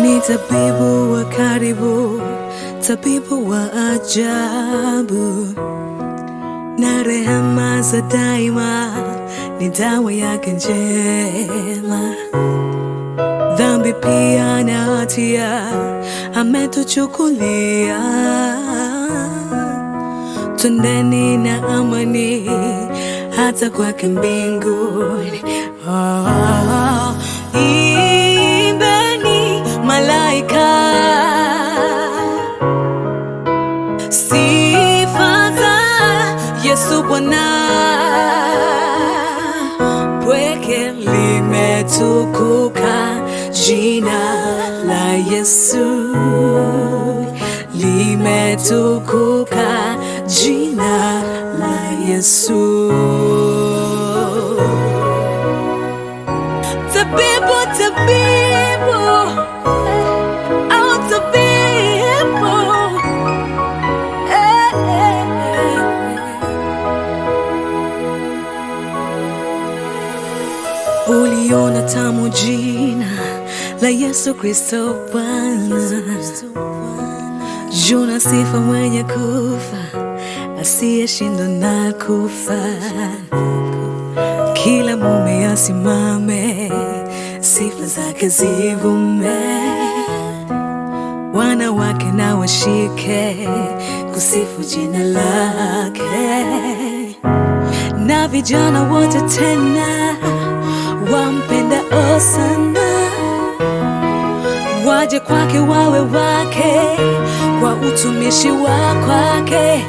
Ni tabibu wa karibu, tabibu wa ajabu, na rehema za daima ni dawa yake njema. Dhambi pia na hatia ametuchukulia twendeni na amani hata kwake mbinguni. oh, oh. Imbeni malaika, sifa za Yesu Bwana, pweke limetukuka, jina la Yesu limetukuka jina la Yesu. Tabibu, tabibu, au tabibu, eh, eh, eh. Uliona tamu jina la Yesu Kristo Bwana, juna sifa mwenye kufa asiyeshindwa na kufa, kila mume asimame, sifa zake zivume, wanawake na washike kusifu jina lake, na vijana wote tena wampenda osana waje kwake wawe wake kwa utumishi wa kwake